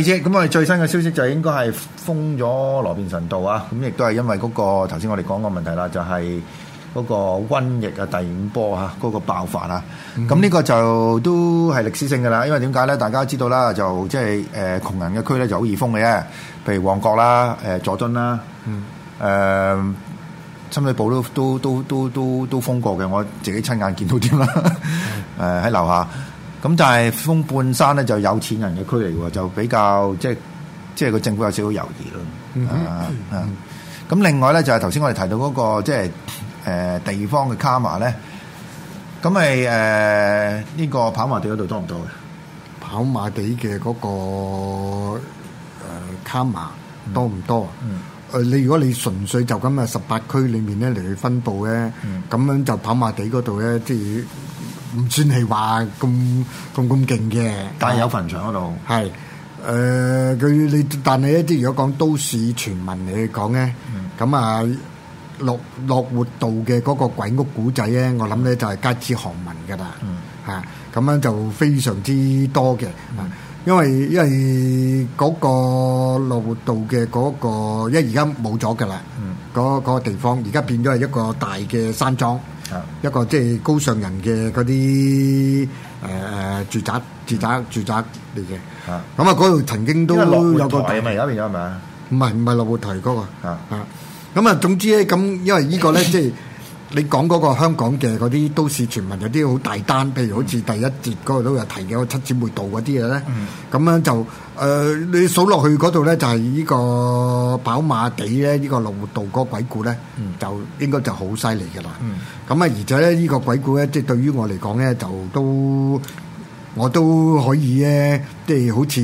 咁我哋最新嘅消息就係應該係封咗羅便臣道啊！咁亦都係因為嗰個頭先我哋講個問題啦，就係、是、嗰個瘟疫嘅第五波嚇，嗰個爆發啊！咁呢、嗯、個就都係歷史性嘅啦，因為點解咧？大家都知道啦，就即係誒窮人嘅區咧就好易封嘅啫，譬如旺角啦、誒、呃、佐敦啦、誒、嗯呃、深水埗都都都都都都封過嘅，我自己親眼見到啲啦，誒喺樓下。咁就係風半山咧，就有錢人嘅區嚟喎，就比較即係即係個政府有少少猶豫咯。啊啊！咁另外咧就係頭先我哋提到嗰、嗰個即係誒地方嘅卡瑪咧，咁係誒呢個跑馬地嗰度多唔多嘅？跑馬地嘅嗰、嗰個、呃、卡瑪多唔多？誒你、嗯嗯呃、如果你純粹就咁啊十八區裡面咧嚟去分佈咧，咁、嗯嗯、樣就跑馬地嗰度咧啲。即係唔算係話咁咁咁勁嘅，但係有墳場嗰度係，誒佢你，但係一啲如果講都市傳聞嚟講咧，咁啊樂樂活道嘅嗰個鬼屋古仔咧，我諗咧就係街知巷聞㗎啦，嚇咁樣就非常之多嘅。因為因為嗰個路道嘅嗰、嗰個一而家冇咗噶啦，嗰、嗯、個地方而家變咗係一個大嘅山莊，啊、一個即係高尚人嘅嗰啲誒誒住宅、住宅、住宅嚟嘅。咁啊，嗰度曾經都有個地名，有而咪、嗰個、啊？唔係唔係瀑布台嗰個啊咁啊，總之咧，咁因為個呢個咧即係。 你講嗰個香港嘅嗰啲都市傳聞，有啲好大單，譬如好似第一節嗰度都有提嘅，我七姊妹道嗰啲嘢咧，咁樣、嗯、就誒、呃、你數落去嗰度咧，就係呢個跑馬地咧，呢個樂活道嗰鬼故咧，就應該就好犀利嘅啦。咁啊、嗯，而且咧呢個鬼故咧，即、就、係、是、對於我嚟講咧，就都。我都可以咧，即係好似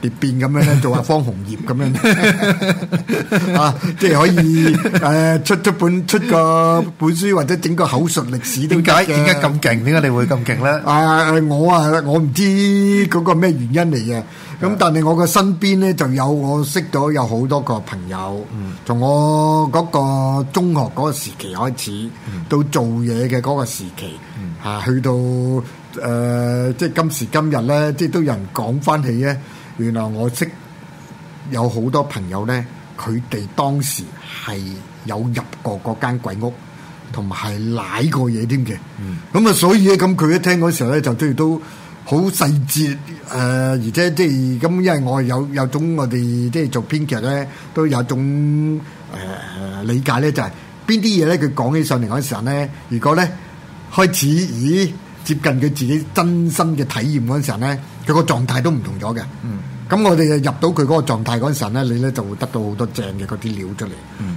裂變咁樣咧，做阿方鴻業咁樣啊！即係可以誒，出出本出個本書或者整個口述歷史。點解？點解咁勁？點解你會咁勁咧？啊！我啊，我唔知嗰個咩原因嚟嘅。咁但係我個身邊咧就有我識咗有好多個朋友，從我嗰個中學嗰個時期開始，到做嘢嘅嗰個時期。啊！去到誒，即係今時今日咧，即係都有人講翻起咧。原來我識有好多朋友咧，佢哋當時係有入過嗰間鬼屋，同埋係攋過嘢添嘅。嗯。咁啊，所以咧，咁佢一聽嗰時候咧，就都都好細節誒，而且即係咁，因為我有有種我哋即係做編劇咧，都有種誒理解咧，就係邊啲嘢咧，佢講起上嚟嗰陣時候咧，如果咧。開始咦，接近佢自己真心嘅體驗嗰陣咧，佢個狀態都唔同咗嘅。咁我哋入到佢嗰個狀態嗰陣咧，你咧就會得到好多正嘅嗰啲料出嚟。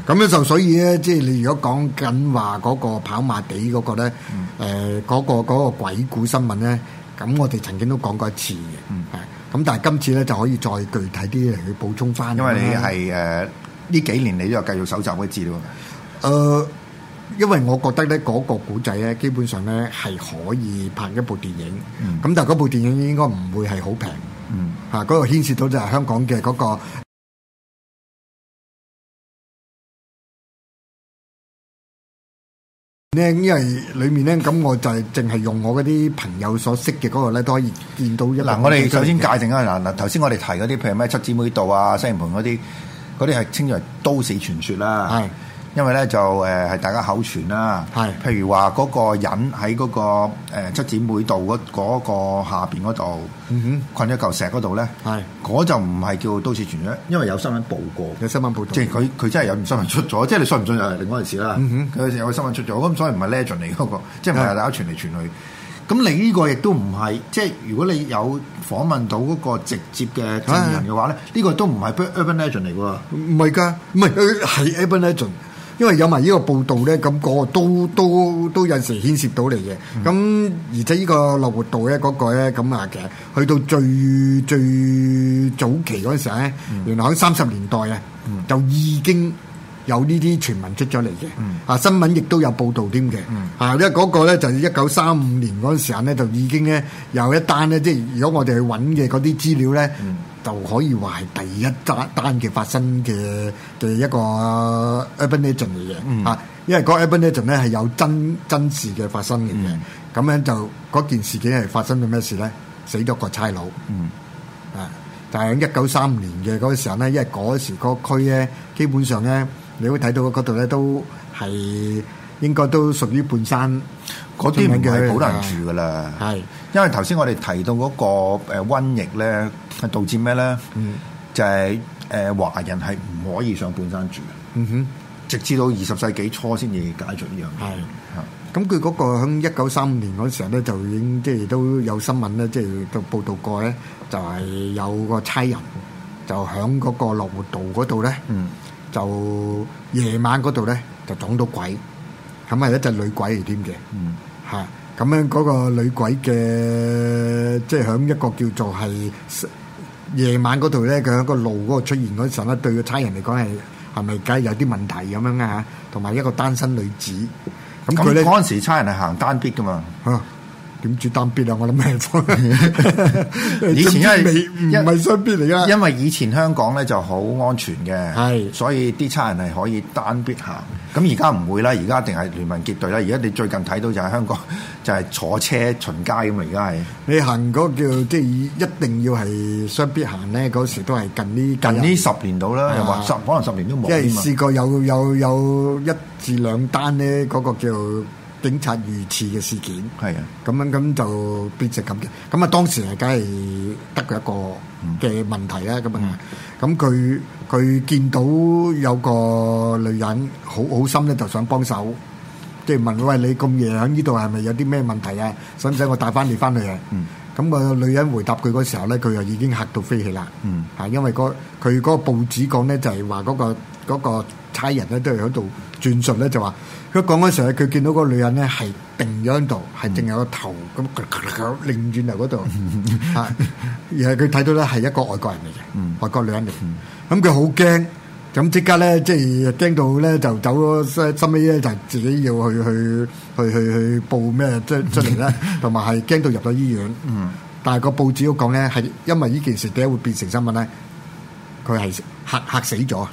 咁樣就所以咧，即係你如果講緊話嗰個跑馬地嗰個咧，誒嗰個嗰個鬼故新聞咧，咁我哋曾經都講過一次嘅。咁但係今次咧就可以再具體啲嚟去補充翻。因為你係誒呢幾年你都有繼續蒐集嗰啲資料。誒。因為我覺得咧嗰個古仔咧，基本上咧係可以拍一部電影。咁、嗯、但係嗰部電影應該唔會係好平。嚇、嗯，嗰、啊那個牽涉到就係香港嘅嗰、那個、嗯、因為裡面咧，咁我就係淨係用我嗰啲朋友所識嘅嗰個咧，都可以見到一。嗱，我哋首先界定一，嗱嗱，頭先我哋提嗰啲，譬如咩七姊妹道啊、西營盤嗰啲，嗰啲係稱為都市傳説啦，係。因為咧就誒係大家口傳啦，是譬如話嗰個人喺嗰個七姊妹道嗰個下邊嗰度困咗嚿石嗰度咧，係嗰是就唔係叫都市傳咧，因為有新聞報過嘅新聞報，即係佢佢真係有條新聞出咗，嗯、即係你信唔信又係另外一回事啦。佢、嗯、有個新聞出咗，咁所以唔係 legend 嚟嗰個，是即係唔係大家傳嚟傳去。咁你呢個亦都唔係，即係如果你有訪問到嗰個直接嘅證人嘅話咧，呢的個都唔係 urban legend 嚟嘅喎，唔係㗎，唔係係 urban legend。因為有埋呢個報導咧，咁、那個都都都有時牽涉到嚟嘅。咁、嗯、而且呢個樂活道咧，嗰、那個咧咁啊嘅，去到最最早期嗰陣時候咧，嗯、原來喺三十年代啊，嗯、就已經有呢啲傳聞出咗嚟嘅。啊、嗯，新聞亦都有報導添嘅。啊、嗯，因為嗰個咧就一九三五年嗰陣時候咧，就已經咧有一單咧，即係如果我哋去揾嘅嗰啲資料咧。嗯就可以話係第一單單嘅發生嘅對一個 exhibition 嚟嘅嚇，因為嗰 exhibition 咧係有真真實嘅發生嘅，咁樣就嗰件事件係發生咗咩事咧？死咗個差佬，啊！但係喺一九三五年嘅嗰個時候咧，因為嗰時個區咧基本上咧，你會睇到嗰度咧都係應該都屬於半山，嗰啲嘅係好難住㗎啦。係。因為頭先我哋提到嗰個誒瘟疫咧，係導致咩咧？嗯，就係，誒，呃，華人係唔可以上半山住嘅。嗯哼，直至到二十世紀初先至解除呢樣。係，咁佢嗰個喺一九三五年嗰時候咧，就已經即係都有新聞咧，即係都報道過咧，就係，有個差人就喺嗰個羅湖道嗰度咧，嗯，就夜晚嗰度咧就撞到鬼，咁係一隻女鬼嚟添嘅，嗯，嚇。咁樣嗰個女鬼嘅，即係喺一個叫做係夜晚嗰度咧，佢喺個路嗰個出現嗰陣咧，對個差人嚟講係係咪梗係有啲問題咁樣嘅嚇？同埋一個單身女子，咁佢咧嗰陣時差人係行單咇噶嘛？點、啊、知單咇啊？我諗咩方？ 以前因為唔係雙咇嚟噶。因為以前香港咧就好安全嘅，係是所以啲差人係可以單咇行。咁而家唔會啦，而家一定係聯盟結隊啦。而家你最近睇到就係香港，就係坐車巡街咁啊！而家係你行嗰個叫，即係一定要係雙邊行咧。嗰時都係近呢近呢十年度啦，啊、又話十可能十年都冇。因為試過有有有一至兩單咧嗰個叫。警察遇刺嘅事件，係啊，咁樣咁就變成咁嘅。咁啊，當時啊，梗係得佢一個嘅問題啦。咁啊，咁佢佢見到有個女人好好心咧，就想幫手，即係問喂，你咁夜喺呢度係咪有啲咩問題啊？使唔使我帶翻你翻去啊？咁啊，女人回答佢嗰時候咧，佢又已經嚇到飛起啦。嚇，因為嗰佢嗰個報紙講咧，就係話嗰個。嗰個差人咧都係喺度轉述咧，就話佢講嗰時佢見到個女人咧係定咗喺度，係定、嗯、有個頭咁，咁轉轉頭嗰度啊。然後佢睇到咧係一個外國人嚟嘅，外國女人嚟。咁佢好驚，咁即刻咧即係驚到咧就走咗。收尾咧就自己要去去去去去報咩出出嚟咧，同埋係驚到入咗醫院。嗯、但係個報紙都講咧，係因為呢件事點解會變成新聞咧？佢係嚇嚇死咗。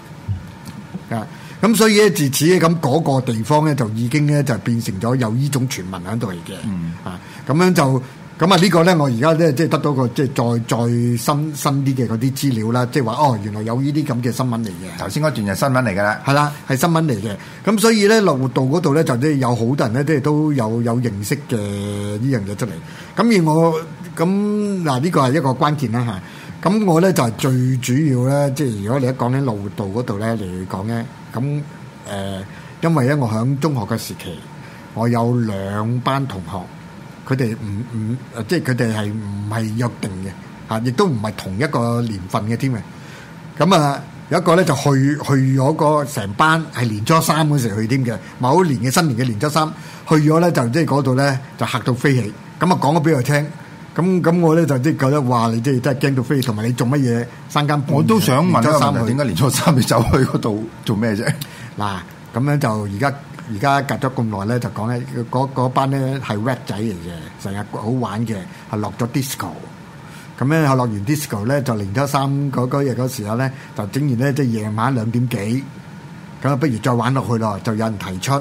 啊！咁所以咧，自此咧，咁、那、嗰個地方咧，就已經咧，就變成咗有呢種傳聞喺度嚟嘅。嗯。啊，咁樣就咁啊！呢個咧，我而家咧，即係得到個即係再再深深啲嘅嗰啲資料啦，即係話哦，原來有呢啲咁嘅新聞嚟嘅。頭先嗰段就新聞嚟㗎啦。係啦，係新聞嚟嘅。咁所以咧，樂活道嗰度咧，就即係有好多人咧，都都有有認識嘅呢樣嘢出嚟。咁而我咁嗱，呢個係一個關鍵啦嚇。咁我咧就係最主要咧，即係如果你一講啲路道嗰度咧嚟講咧，咁誒，因為咧我響中學嘅時期，我有兩班同學，佢哋唔唔，即係佢哋係唔係約定嘅，嚇，亦都唔係同一個年份嘅添嘅。咁啊，有一個咧就去去咗個成班，係年初三嗰時去添嘅，某年嘅新年嘅年初三去咗咧，就即係嗰度咧就嚇到飛起，咁啊講咗俾我聽。咁咁我咧就即係覺得話你即係真係驚到飛，同埋你做乜嘢三間？我都想問阿三妹，點解年初三你走去嗰度做咩啫？嗱，咁咧就而家而家隔咗咁耐咧，就講咧嗰嗰班咧係 rap 仔嚟嘅，成日好玩嘅，係落咗 disco。咁咧後落完 disco 咧，就年初三嗰嗰日嗰時候咧，就整完咧即係夜晚兩點幾，咁啊不如再玩落去咯，就有人提出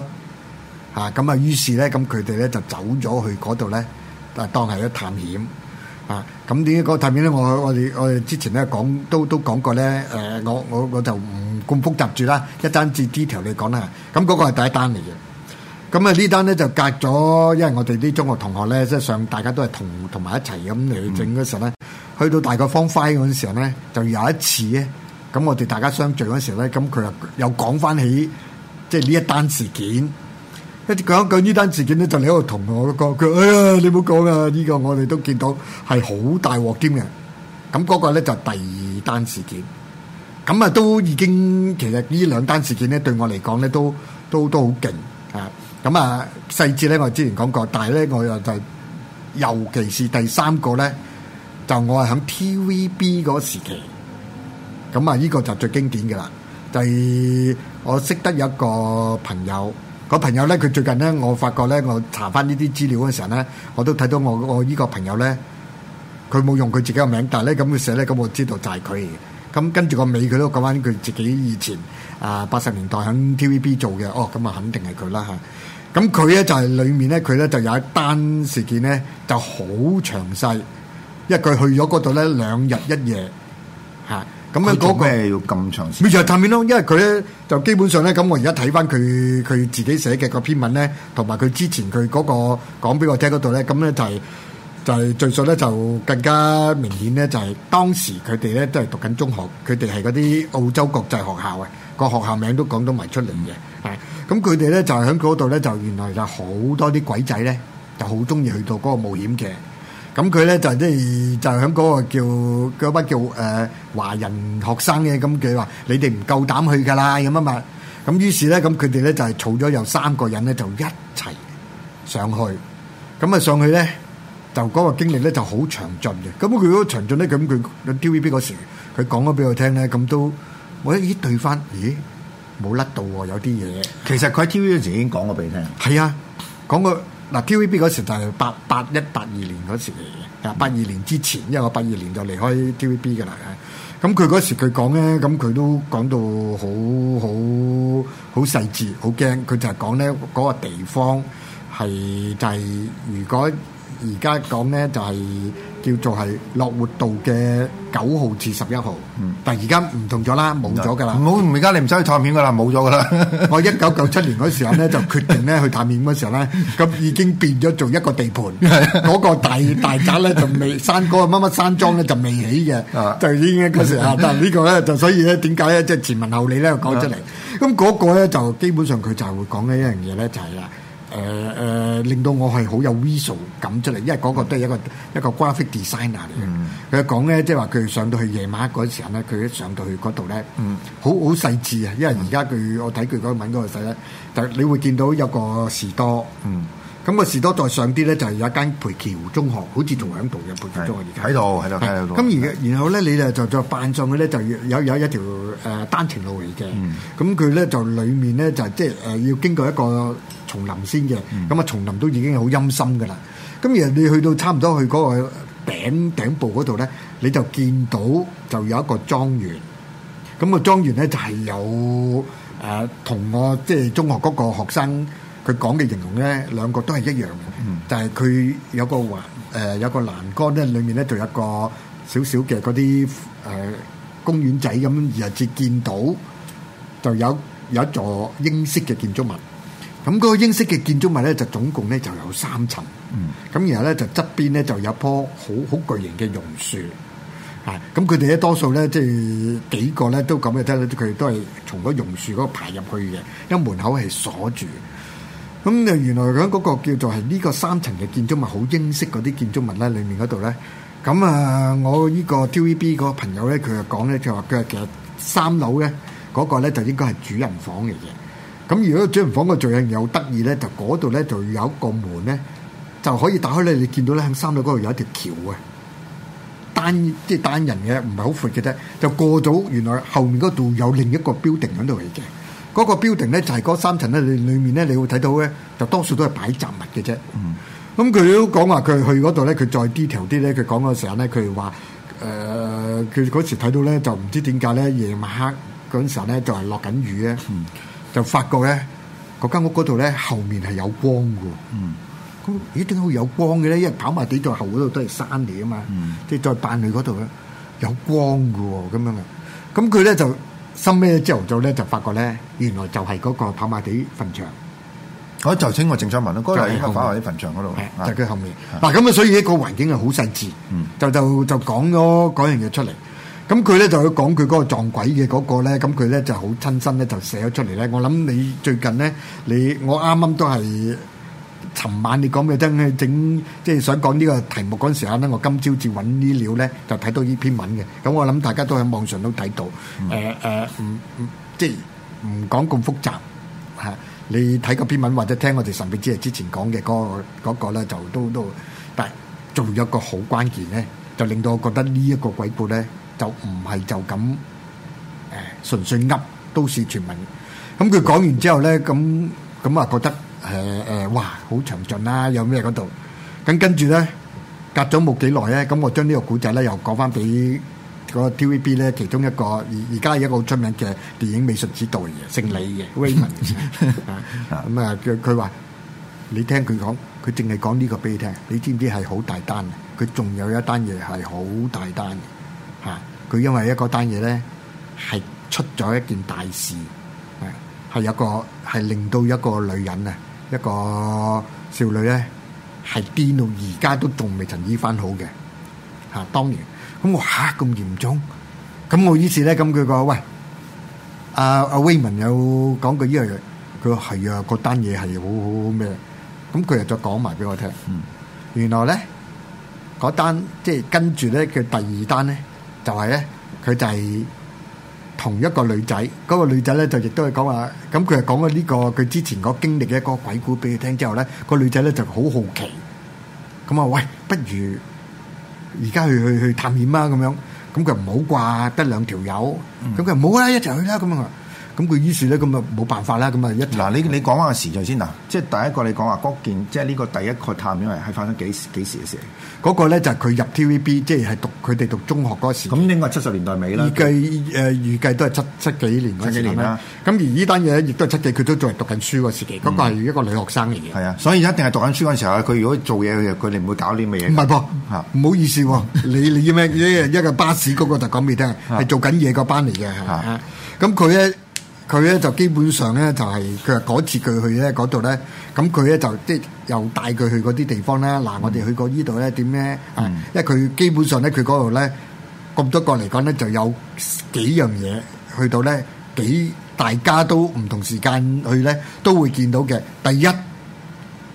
嚇，咁啊於是咧咁佢哋咧就走咗去嗰度咧。但當係一探險啊！咁點解個探險咧？我我哋我哋之前咧講都都講過咧。誒、呃，我我我就唔咁複雜住啦。一單接一條你講啦。咁、那、嗰個係第一單嚟嘅。咁啊呢單咧就隔咗，因為我哋啲中學同學咧，即係上大家都係同同埋一齊咁嚟整嗰陣咧，去到大概方飛嗰陣時候咧，就有一次咧，咁我哋大家相聚嗰陣時候咧，咁佢又又講翻起即係呢一單事件。講一講講呢單事件咧，就你喺度同我講：佢哎呀，你唔好講啊！呢個我哋都見到係好大鑊添嘅。咁嗰個咧就第二單事件。咁啊，都已經其實呢兩單事件咧，對我嚟講咧，都都都好勁啊！咁啊，細節咧我之前講過，但係咧我又就尤其是第三個咧，就我係喺 TVB 嗰時期。咁啊，呢個就最經典嘅啦。就係我識得有一個朋友。個朋友咧，佢最近咧，我發覺咧，我查翻呢啲資料嘅時候咧，我都睇到我我依個朋友咧，佢冇用佢自己個名，但係咧咁佢寫咧，咁我知道就係佢。咁跟住個尾佢都講翻佢自己以前啊八十年代喺 TVB 做嘅，哦咁啊肯定係佢啦嚇。咁佢咧就係裡面咧，佢咧就有一單事件咧就好詳細，因為佢去咗嗰度咧兩日一夜嚇。咁樣嗰個要咁長時間，咪就係探險咯。因為佢咧就基本上咧，咁我而家睇翻佢佢自己寫嘅個篇文咧，同埋佢之前佢嗰個講俾我聽嗰度咧，咁咧就係就係敘述咧就更加明顯咧，就係當時佢哋咧都係讀緊中學，佢哋係嗰啲澳洲國際學校啊，個學校名都講到埋出嚟嘅。係，咁佢哋咧就係喺嗰度咧，就原來就好多啲鬼仔咧，就好中意去到嗰個冒險嘅。咁佢咧就即係就喺嗰個叫嗰班叫誒華人學生嘅，咁佢話你哋唔夠膽去㗎啦，咁啊嘛。咁於是咧，咁佢哋咧就係湊咗有三個人咧，就一齊上去。咁啊上去咧，就嗰個經歷咧就好詳盡嘅。咁啊佢嗰個詳盡咧，咁佢 TVB 嗰時佢講咗俾我聽咧，咁都我一咦對翻，咦冇甩到喎，有啲嘢。其實佢喺 TVB 時已經講過俾你聽。係啊，講過。嗱 TVB 嗰時就係八八一八二年嗰時嚟嘅，八二年之前，因為我八二年就離開 TVB 嘅啦。咁佢嗰時佢講咧，咁佢都講到好好好細緻，好驚。佢就係講咧嗰個地方係就係、是，如果而家講咧就係、是。叫做係樂活道嘅九號至十一號，但而家唔同咗啦，冇咗噶啦，冇，而家你唔使去探險噶啦，冇咗噶啦。 我一九九七年嗰時候咧就決定咧去探險嗰時候咧，咁已經變咗做一個地盤，嗰 個大大宅咧就未山嗰、嗰個乜乜山莊咧就未起嘅，就已經嗰時 但係呢個咧就所以咧點解咧即前文後理咧講出嚟，咁、嗰、嗰個咧就基本上佢就會講呢一樣嘢咧就係、係、啦。誒誒、呃、令到我係好有 visual 感出嚟，因為嗰個都係一個、嗯、一個 graphic designer 嚟嘅。佢講咧，即係話佢上到去夜晚嗰陣時候咧，佢一上到去嗰度咧，好好、嗯、細緻啊！因為而家佢我睇佢嗰文嗰個仔咧，就你會見到有個士多。嗯咁個士多再上啲咧，就係、是、有一間培橋中學，好似仲喺度嘅培橋中學。喺度喺度喺度。咁而是然後咧，你咧就再扮上去咧，就有有一條誒、呃、單程路嚟嘅。咁佢咧就裡面咧就即係誒要經過一個叢林先嘅。咁啊叢林都已經好陰森嘅啦。咁然後你去到差唔多去嗰個頂頂部嗰度咧，你就見到就有一個莊園。咁、那個莊園咧就係、是、有誒同我即係中學嗰個學生。佢講嘅形容咧，兩個都係一樣嘅，但係佢有個環，誒、呃、有個欄杆咧，裡面咧就有一個少少嘅嗰啲誒公園仔咁，而後至見到就有有一座英式嘅建築物。咁、那、嗰個英式嘅建築物咧，就總共咧就有三層。咁、嗯、然後咧就側邊咧就有一棵好好巨型嘅榕樹。啊，咁佢哋咧多數咧即係幾個咧都咁嘅，得佢哋都係從嗰榕樹嗰度爬入去嘅，因為門口係鎖住。咁就原來喺嗰個叫做係呢個三層嘅建築物，好英式嗰啲建築物咧，裡面嗰度咧，咁啊，我呢個 TVB 個朋友咧，佢就講咧，就話佢其實三樓咧嗰個咧，就應該係主人房嚟嘅。咁如果主人房個造型又得意咧，就嗰度咧就有一個門咧，就可以打開咧。你見到咧喺三樓嗰度有一條橋啊，單即係單人嘅，唔係好闊嘅啫，就過咗原來後面嗰度有另一個 building 喺度嚟嘅。嗰個 building 咧就係、是、嗰三層咧，裏裏面咧，你會睇到咧，就多數都係擺雜物嘅啫。咁佢都講話佢去嗰度咧，佢再 detail 啲咧，佢講嘅時候咧，佢話誒，佢嗰時睇到咧，就唔知點解咧，夜晚黑嗰陣時候咧，就係落緊雨咧，就發覺咧，嗰間屋嗰度咧，後面係有光嘅。咁、嗯、咦點會有光嘅咧？因為跑埋啲在後嗰度都係山嚟啊嘛，嗯、即係再半裏嗰度咧有光嘅喎，咁樣嘅。咁佢咧就。收尾朝頭早咧，就發覺咧，原來就係嗰個跑馬地墳場。好，就請我正想問啦，嗰度係後方嗰啲墳場嗰度，就係佢後面。嗱咁啊，所以個環境係好細緻。嗯，就就就講咗嗰樣嘢出嚟。咁佢咧就去講佢嗰個撞鬼嘅嗰個咧，咁佢咧就好親身咧就寫咗出嚟咧。我諗你最近咧，你我啱啱都係。尋晚你講嘅真係整，即係想講呢個題目嗰陣時嚇咧，我今朝至揾啲料咧就睇到呢篇文嘅。咁我諗大家都喺網上都睇到，誒誒，唔唔，即係唔講咁複雜嚇。你睇個篇文或者聽我哋神秘之夜之前講嘅嗰個嗰個咧，就都都，但係仲有一個好關鍵咧，就令到我覺得呢一個鬼故咧就唔係就咁誒純粹噏，都市傳聞。咁佢講完之後咧，咁咁啊覺得。誒誒，哇，好詳盡啦，有咩嗰度？咁跟住咧，隔咗冇幾耐咧，咁我將呢個古仔咧又講翻俾個 TVB 咧其中一個而而家一個好出名嘅電影美術指導嚟嘅，姓李嘅，威文嘅。咁啊，佢佢話：你聽佢講，佢淨係講呢個俾你聽，你知唔知係好大單？佢仲有一單嘢係好大單嘅嚇。佢因為一個單嘢咧，係出咗一件大事，係係一個係令到一個女人啊！一個少女咧，係癲到而家都仲未曾醫翻好嘅，嚇！當然，咁我嚇咁嚴重，咁我於是咧咁佢個喂，阿阿威文有講句呢樣嘢，佢話係啊，嗰單嘢係好好咩，咁佢又再講埋俾我聽，原來咧嗰單即係跟住咧嘅第二單咧，就係咧佢就係。同一個女仔，嗰個女仔咧就亦都係講話，咁佢係講咗呢個佢之前嗰經歷嘅一個鬼故俾佢聽之後咧，個女仔咧就好好奇，咁啊喂，不如而家去去去探險啦咁樣，咁佢話唔好啩，得兩條友，咁佢話唔好啦，一齊去啦咁樣。咁佢於是咧，咁啊冇辦法啦，咁啊一嗱你你講翻個時序先嗱，即係第一個你講話嗰件，即係呢個第一個探，因為係發生幾幾時嘅事？嗰個咧就係佢入 TVB，即係係讀佢哋讀中學嗰時。咁應該七十年代尾啦。預計誒預計都係七七幾年嗰時。七幾年啦。咁而呢單嘢亦都係七幾，佢都仲係讀緊書嗰時期。嗰個係一個女學生嚟嘅。係啊，所以一定係讀緊書嗰陣時候，佢如果做嘢，佢哋唔會搞呢啲嘢。唔係噃，唔好意思喎，你你咩？一一個巴士嗰個就講俾你聽，係做緊嘢個班嚟嘅。嚇，咁佢咧。佢咧就基本上咧就係佢話嗰次佢去咧嗰度咧，咁佢咧就即又帶佢去嗰啲地方咧。嗱，我哋去過呢度咧，點咧？因為佢基本上咧，佢嗰度咧咁多個嚟講咧，就有幾樣嘢去到咧，幾大家都唔同時間去咧，都會見到嘅。第一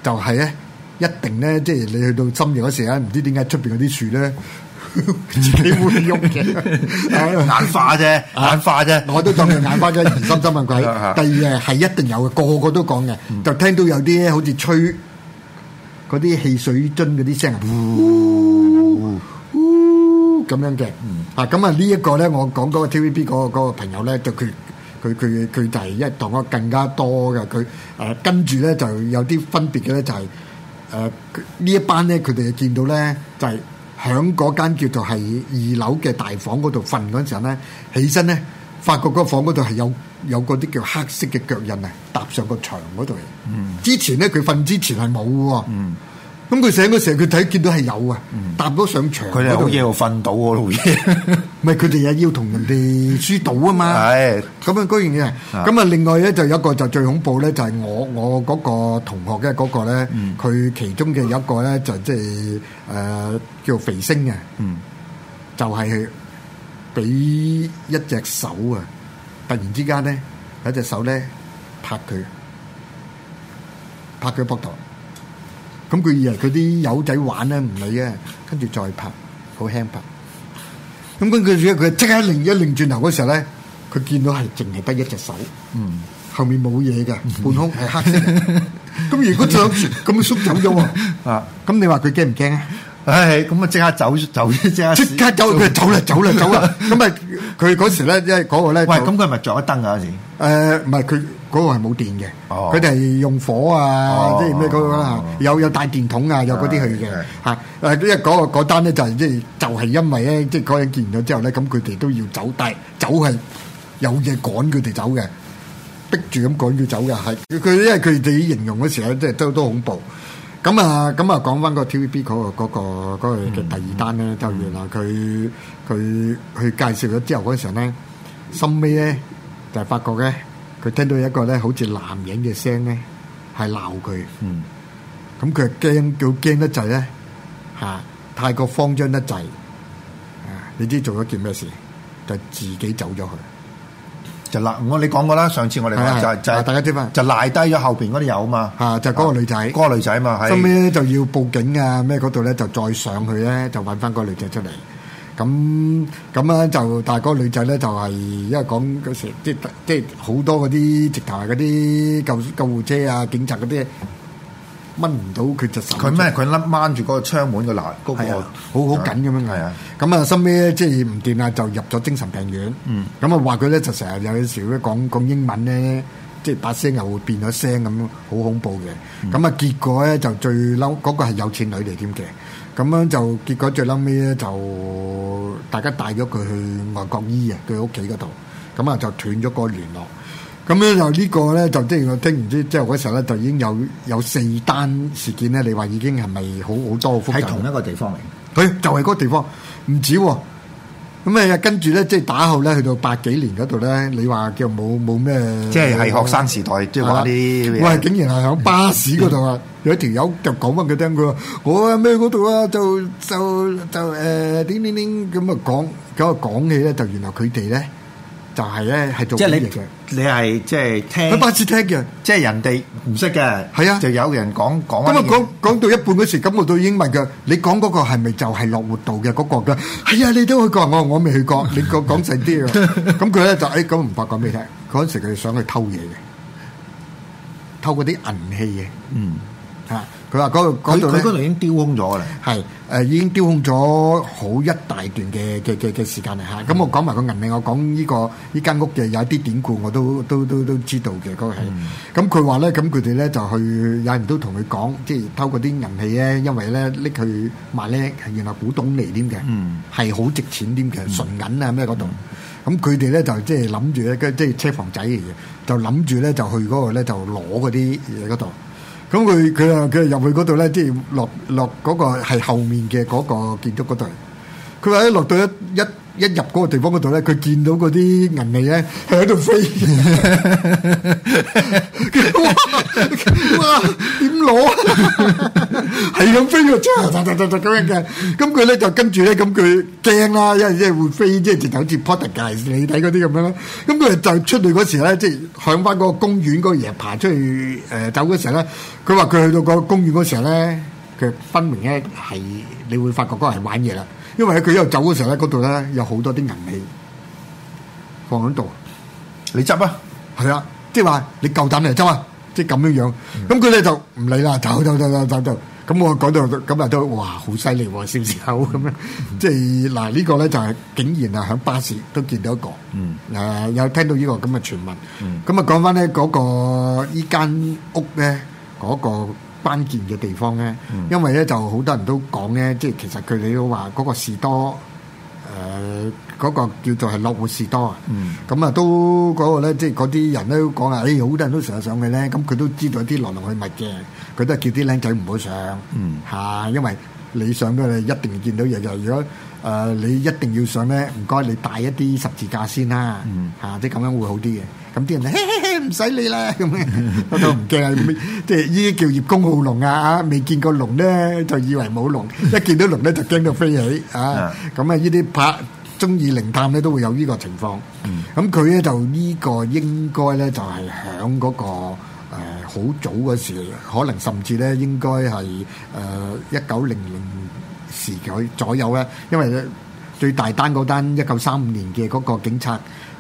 就係咧，一定咧，即係你去到深夜嗰時咧，唔知點解出邊嗰啲樹咧。自己會喐嘅，眼花啫，眼花啫，我都當佢眼花咗，心心問鬼。第二誒，係一定有嘅，個個都講嘅，就聽到有啲好似吹嗰啲汽水樽嗰啲聲，嗚嗚嗚咁樣嘅。啊，咁啊呢一個咧，我講嗰個 T V B 嗰個嗰個朋友咧，就佢佢佢佢就係一堂更加多嘅，佢誒跟住咧就有啲分別嘅咧，就係誒呢一班咧，佢哋見到咧就係。喺嗰間叫做係二樓嘅大房嗰度瞓嗰時候咧，起身咧，發覺嗰房嗰度係有有嗰啲叫黑色嘅腳印啊，搭上個牆嗰度。嗯，之前咧佢瞓之前係冇嘅喎。嗯，咁佢醒嗰時佢睇見到係有啊，搭咗上，上牆。佢係老嘢，我瞓到我 唔係佢哋又要同人哋輸賭啊嘛，咁樣居然嘅，咁啊另外咧就有一個就最恐怖咧，就係我我嗰個同學嘅嗰個咧，佢其中嘅有一個咧就即係誒叫肥星嘅，就係佢俾一隻手啊，突然之間咧有一隻手咧拍佢，拍佢膊頭，咁佢以為佢啲友仔玩咧唔理嘅，跟住再拍，好輕拍。咁跟住咧，佢即刻擰一擰轉頭嗰時候咧，佢見到係淨係得一隻手，後面冇嘢㗎，半空係黑色。咁如果上船咁縮走咗喎，啊！咁你話佢驚唔驚咧？唉，咁啊即刻走走即刻即刻走佢走啦走啦走啦！咁咪佢嗰時咧，即係嗰個咧喂，咁佢係咪著咗燈啊？嗰時誒唔係佢。嗰個係冇電嘅，佢哋係用火啊，即係咩嗰個啦？有有帶電筒啊，有嗰啲去嘅嚇。誒，因為嗰個嗰單咧就係即係就係因為咧，即係嗰人見咗之後咧，咁佢哋都要走，但係走係有嘢趕佢哋走嘅，逼住咁趕佢走嘅。係佢因為佢哋形容嗰時候咧，即係都都恐怖。咁啊咁啊，講翻個 TVB 嗰個嗰個嗰個嘅第二單咧，就原來佢佢佢介紹咗之後嗰陣時咧，心尾咧就係發覺咧。佢聽到一個咧好似男人嘅聲咧，係鬧佢。嗯，咁佢係驚，佢驚得滯咧嚇，太過慌張得滯。你知做咗件咩事？就自己走咗去，就賴我。你講過啦，上次我哋就係就係大家知嘛？就賴低咗後邊嗰啲友啊嘛嚇，就嗰個女仔，嗰個女仔嘛，後尾咧就要報警啊咩嗰度咧就再上去咧就揾翻個女仔出嚟。咁咁啊就大個女仔咧就係因為講嗰時即即好多嗰啲直頭係嗰啲救救護車啊、警察嗰啲掹唔到佢隻手佢咩，佢甩掹住嗰個窗門，嗰個欄，嗰個好好緊咁，啊、樣。係啊，咁啊收尾咧即係唔掂啊，就入咗精神病院。嗯，咁啊話佢咧就成日有陣時咧講講英文咧，即係把聲又會變咗聲咁，好恐怖嘅。咁啊、嗯、結果咧就最嬲嗰，嗰個係有錢女嚟添嘅。咁樣就結果最撚尾咧，就大家帶咗佢去外國醫啊，佢屋企嗰度，咁啊就斷咗個聯絡。咁樣就個呢個咧，就即係我聽完之後嗰時候咧，就已經有有四單事件咧。你話已經係咪好好多個？喺同一個地方嚟，佢、哎、就係、是、嗰地方，唔止喎、哦。咁啊、嗯，跟住咧，即係打後咧，去到八幾年嗰度咧，你話叫冇冇咩？即係係學生時代，即係話啲喂，竟然係響巴士嗰度啊！嗯、有一條友就講翻佢聽，佢話我咩嗰度啊？就就就誒、呃，點點點咁啊講，咁啊講起咧，就原來佢哋咧。就係咧，係做即係你，你係即係聽佢百次聽嘅，即係人哋唔識嘅，係啊，就有人講講。咁啊，講講到一半嗰時，咁我對英文嘅，你講嗰個係咪就係落活道嘅嗰個嘅？係啊，你都去過，我我未去過，你講講細啲啊。咁佢咧就誒，咁唔八卦咩啫？嗰時佢想去偷嘢嘅，偷嗰啲銀器嘅，嗯啊。佢話：嗰個嗰度咧，佢佢嗰度已經丟空咗嘅啦。係誒，已經丟空咗好一大段嘅嘅嘅嘅時間嚟嚇。咁我講埋個銀器，我講呢個呢間屋嘅有啲典故，我都都都都知道嘅嗰個係。咁佢話咧，咁佢哋咧就去，有人都同佢講，即係偷嗰啲銀器咧，因為咧拎去賣咧，原來古董嚟添嘅，係好值錢添嘅，純銀啊咩嗰度。咁佢哋咧就即係諗住咧，即係車房仔嚟嘅，就諗住咧就去嗰個咧就攞嗰啲嘢嗰度。咁佢佢啊佢入去嗰度咧，即係落落嗰個係後面嘅嗰個建築嗰度。佢話一落到一一。一入嗰個地方嗰度咧，佢見到嗰啲銀器咧喺度飛，哇！點攞啊？係咁飛㗎，喳喳喳喳咁樣嘅。咁佢咧就跟住咧，咁佢驚啦，因為即係會飛，即係直頭似 pot 噶，你睇嗰啲咁樣啦。咁佢就出嚟嗰時咧，即係響翻嗰個公園嗰個爺爬出去誒走嗰時咧，佢話佢去到嗰個公園嗰時咧，佢分明咧係你會發覺嗰係玩嘢啦。因為喺佢又走嘅時候咧，嗰度咧有好多啲銀器放喺度，你執啊，係啊，即係話你夠膽嚟執啊，即係咁樣樣。咁佢咧就唔理啦，走走走走走。咁我講到咁啊都，哇，好犀利，笑死口咁樣。即係嗱，呢個咧就係竟然啊，喺巴士都見到一個。嗯。誒，有聽到呢個咁嘅傳聞。嗯。咁啊，講翻咧嗰個呢間屋咧嗰個關鍵嘅地方咧，因為咧就好多人都講咧，即係其實佢哋都話嗰個士多，誒嗰個叫做係落戶士多啊。咁啊都嗰個咧，即係嗰啲人都講啊，誒好多人都成日上去咧，咁佢都知道啲來龍去脈嘅，佢都係叫啲僆仔唔好上嚇，因為你上咧你一定見到嘢。就如果誒你一定要上咧，唔該你帶一啲十字架先啦嚇，即係咁樣會好啲嘅。咁啲人咧，唔使你啦，咁我都唔驚。即係依啲叫葉公好龍啊，未見過龍咧，就以為冇龍；一見到龍咧，就驚到飛起啊！咁啊，依啲拍中意靈探咧，都會有依個情況。咁佢咧就依個應該咧就係響嗰個誒好早嘅時，可能甚至咧應該係誒一九零零時許左右咧，因為最大單嗰單一九三五年嘅嗰個警察。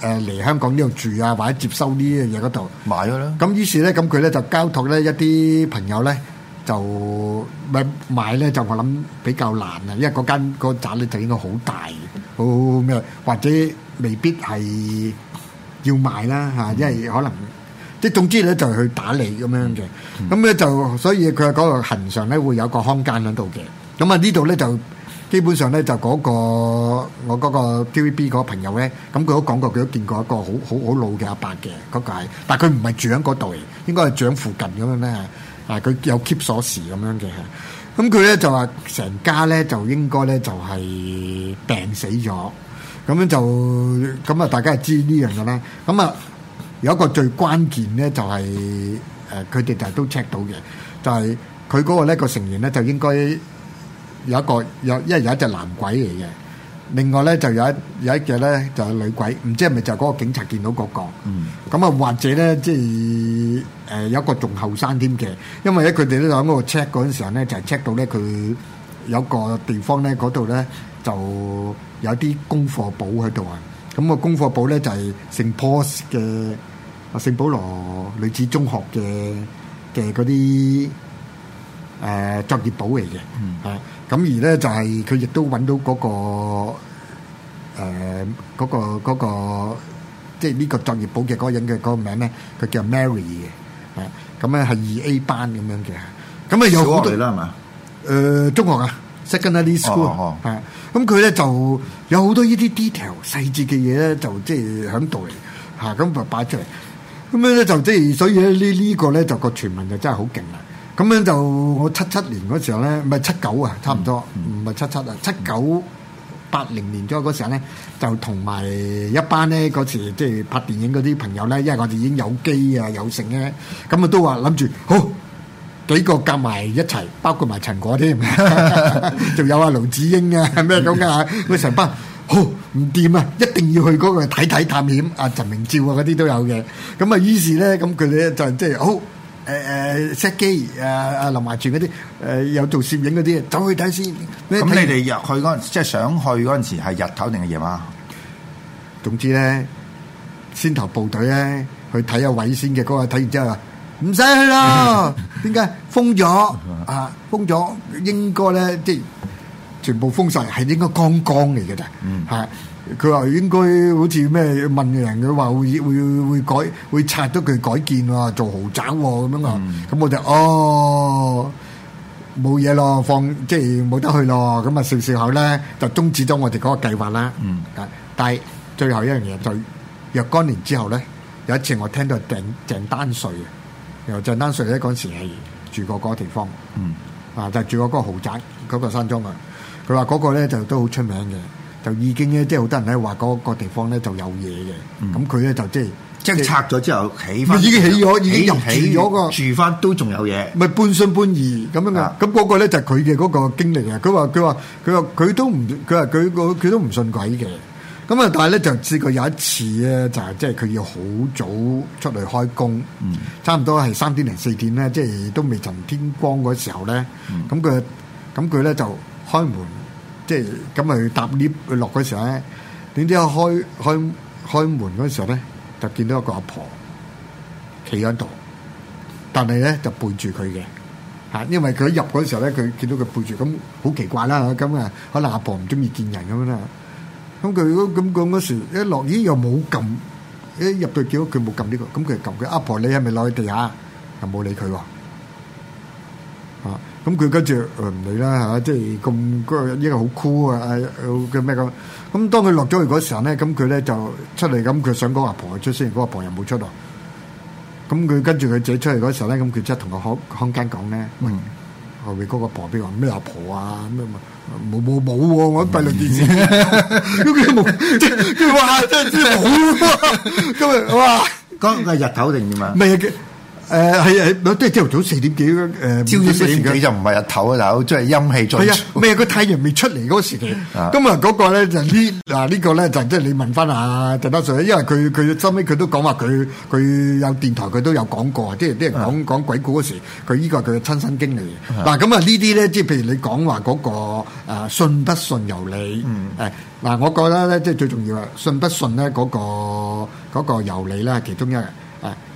誒嚟香港呢度住啊，或者接收呢樣嘢嗰度買咗啦。咁於是咧，咁佢咧就交託咧一啲朋友咧，就咪買咧就我諗比較難啊，因為嗰間嗰宅咧就應該好大，好好咩，或者未必係要買啦嚇，因為可能即係總之咧就去打理咁樣嘅。咁咧 就所以佢嗰個恆上咧會有個空間喺度嘅。咁啊呢度咧就。基本上咧就嗰、嗰個我嗰個 TVB 嗰個朋友咧，咁佢都講過，佢都見過一個好好好老嘅阿伯嘅嗰個係，但係佢唔係住喺嗰度，應該係住附近咁樣咧。啊，佢有 keep 鎖匙咁樣嘅，咁佢咧就話成家咧就應該咧就係、係、病死咗，咁樣就咁啊！大家係知呢樣㗎啦。咁啊，有一個最關鍵咧就係、係、誒，佢、呃、哋就係都 check 到嘅，就係佢嗰個咧、嗰個成員咧就應該。有一個有，因為有一隻男鬼嚟嘅。另外咧就有一有一隻咧就係女鬼，唔知係咪就嗰個警察見到嗰個。咁啊，或者咧即係誒有一個仲後生添嘅，因為咧佢哋咧喺嗰度 check 嗰陣時候咧，就係 check 到咧佢有個地方咧，嗰度咧就有啲功課簿喺度啊。咁個功課簿咧就係聖 Paul 嘅，啊聖保羅女子中學嘅嘅嗰啲誒作業簿嚟嘅，係。咁而咧就係佢亦都揾到，嗰個誒，呃嗰個，嗰個即係呢個作業簿嘅個人嘅個名咧，佢叫 Mary 嘅，嚇咁咧係二 A 班咁樣嘅。咁啊有好多小學嚟啦係嘛？誒、呃、中學啊，secondary school 係、oh, oh.。咁佢咧就有好多呢啲 detail 細節嘅嘢咧，就即係喺度嚟嚇，咁就擺出嚟。咁樣咧就即係所以咧呢呢個咧就個傳聞就真係好勁啦。咁樣就我七七年嗰時候咧，唔係七九啊，差唔多唔係七七啊，七九八零年咗嗰時候咧，就同埋一班咧嗰時即係拍電影嗰啲朋友咧，因為我哋已經有機啊有剩咧，咁啊都話諗住好幾個夾埋一齊，包括埋陳果添，仲有阿盧子英啊咩咁嘅嚇，嗰成班好唔掂啊，一定要去嗰個睇睇探險，阿陳明照啊嗰啲都有嘅，咁啊於是咧咁佢哋就即係好。誒誒，set 機誒誒，林華全嗰啲誒，有、呃、做攝影嗰啲，走去睇先。咁你哋入去嗰陣，即係想去嗰陣時，係日頭定係夜晚？總之咧，先頭部隊咧去睇下位先嘅，那個，嗰個睇完之後話唔使去咯。點解、嗯、 封咗啊？封咗，應該咧即係全部封曬，係應該剛剛嚟嘅咋？嗯，係。佢話應該好似咩問人，佢話會會會改會拆咗佢改建啊，做豪宅喎咁樣啊，咁我就哦冇嘢咯，放即係冇得去咯，咁啊笑笑口咧就終止咗我哋嗰個計劃啦。嗯，但係最後一樣嘢就若干年之後咧，有一次我聽到鄭鄭丹瑞嘅，然後鄭丹瑞咧嗰陣時係住過嗰個地方，嗯，啊就住過嗰個豪宅嗰個山莊啊，佢話嗰個咧就都好出名嘅。就已經咧，即係好多人咧話嗰個地方咧就有嘢嘅，咁佢咧就即係即係拆咗之後起翻，已經起咗，已經入住咗，那個住翻都仲有嘢，咪半信半疑咁樣㗎。咁嗰，嗯、個咧就佢嘅嗰個經歷啊，佢話佢話佢話佢都唔，佢話佢個佢都唔信鬼嘅。咁啊，但係咧就試過有一次咧，就係即係佢要好早出嚟開工，嗯、差唔多係三點零四點咧，即、就、係、是、都未曾天光嗰時候咧，咁佢咁佢咧就開門。即係咁咪搭 lift 落嗰時候咧，點知開開開門嗰時候咧，就見到一個阿婆企喺度，但係咧就背住佢嘅嚇，因為佢入嗰時候咧，佢見到佢背住，咁好奇怪啦嚇，咁啊可能阿婆唔中意見人咁樣啦。咁佢如果咁講嗰時，一落咦又冇撳，一入到佢屋企冇撳呢個，咁佢撳佢阿婆，你係咪落去地下？又冇理佢喎，啊。咁佢跟住唔理啦嚇，即係咁嗰個呢個好酷啊！啊叫咩咁？咁當佢落咗去嗰時候咧，咁佢咧就出嚟咁，佢想講阿婆出先，嗰個婆又冇出咯。咁佢跟住佢姐出嚟嗰時候咧，咁佢即係同個空空間講咧。嗯，後尾嗰個婆邊個咩阿婆啊？咩嘛？冇冇冇喎！我閉路電視。咁佢冇即係話真係冇喎。今日係嘛？今日係日頭定點啊？未嘅。誒係啊！都係朝頭早四點幾誒？朝、呃、早四點幾就唔係日頭啊！嗱、呃，即係陰氣在。係啊！咩佢太陽未出嚟嗰是的 個時段。咁、就、啊、是，嗰 個咧就呢嗱呢個咧就即係你問翻下陳德順，因為佢佢收尾佢都講話佢佢有電台佢都有講過，啲人啲人講講鬼故嗰時，佢依個佢嘅親身經歷嗱咁啊，呢啲咧即係譬如你講話嗰個信不信由你。嗯。嗱、啊，我覺得咧即係最重要啊！信不信咧嗰、嗰個由你咧其中一。人。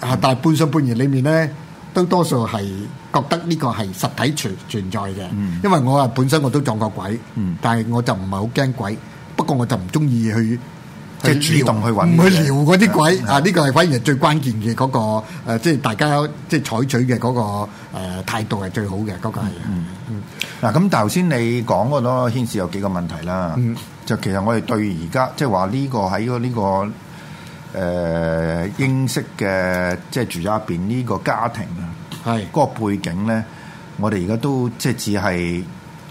係，但係半信半疑裏面咧，都多數係覺得呢個係實體存存在嘅。因為我啊本身我都撞過鬼，但係我就唔係好驚鬼。不過我就唔中意去即係主動去揾聊，唔去撩嗰啲鬼。啊，呢、這個係反而係最關鍵嘅嗰個誒，即、呃、係大家即係、就是、採取嘅嗰、那個誒、呃、態度係最好嘅嗰、那個係。嗱、嗯，咁頭先你講嗰個牽涉有幾個問題啦。嗯、就其實我哋對而家即係話呢個喺呢、這個。誒英式嘅即係住咗入邊呢個家庭啊，係嗰個背景咧，我哋而家都即係只係